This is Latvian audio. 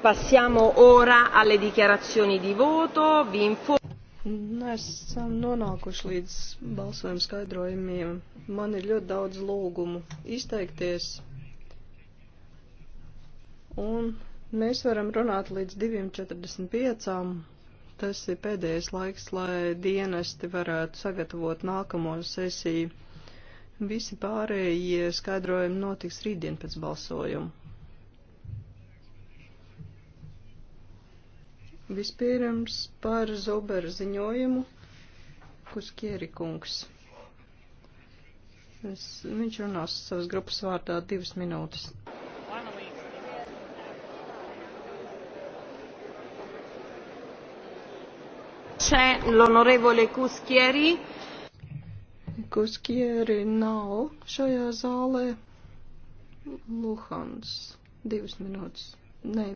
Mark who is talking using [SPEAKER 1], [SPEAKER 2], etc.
[SPEAKER 1] Passiamo ora alle
[SPEAKER 2] dichiarazioni di voto. Vi informo. Nu, esam nonākuši līdz
[SPEAKER 3] balsojuma skaidrojumiem. Man ir ļoti daudz lūgumu izteikties. Un mēs varam runāt līdz 2.45. Tas ir pēdējais laiks, lai dienesti varētu sagatavot nākamo sesiju. Visi pārējie skaidrojumi notiks rītdien pēc balsojuma. Vispirms par Zobera ziņojumu, Kuskieri kungs. Es, viņš runās savas grupas vārdā divas minūtes. L'onorevole Kuskieri.
[SPEAKER 4] Kuskieri nav šajā zālē. Luhans. Divas minūtes. Nē.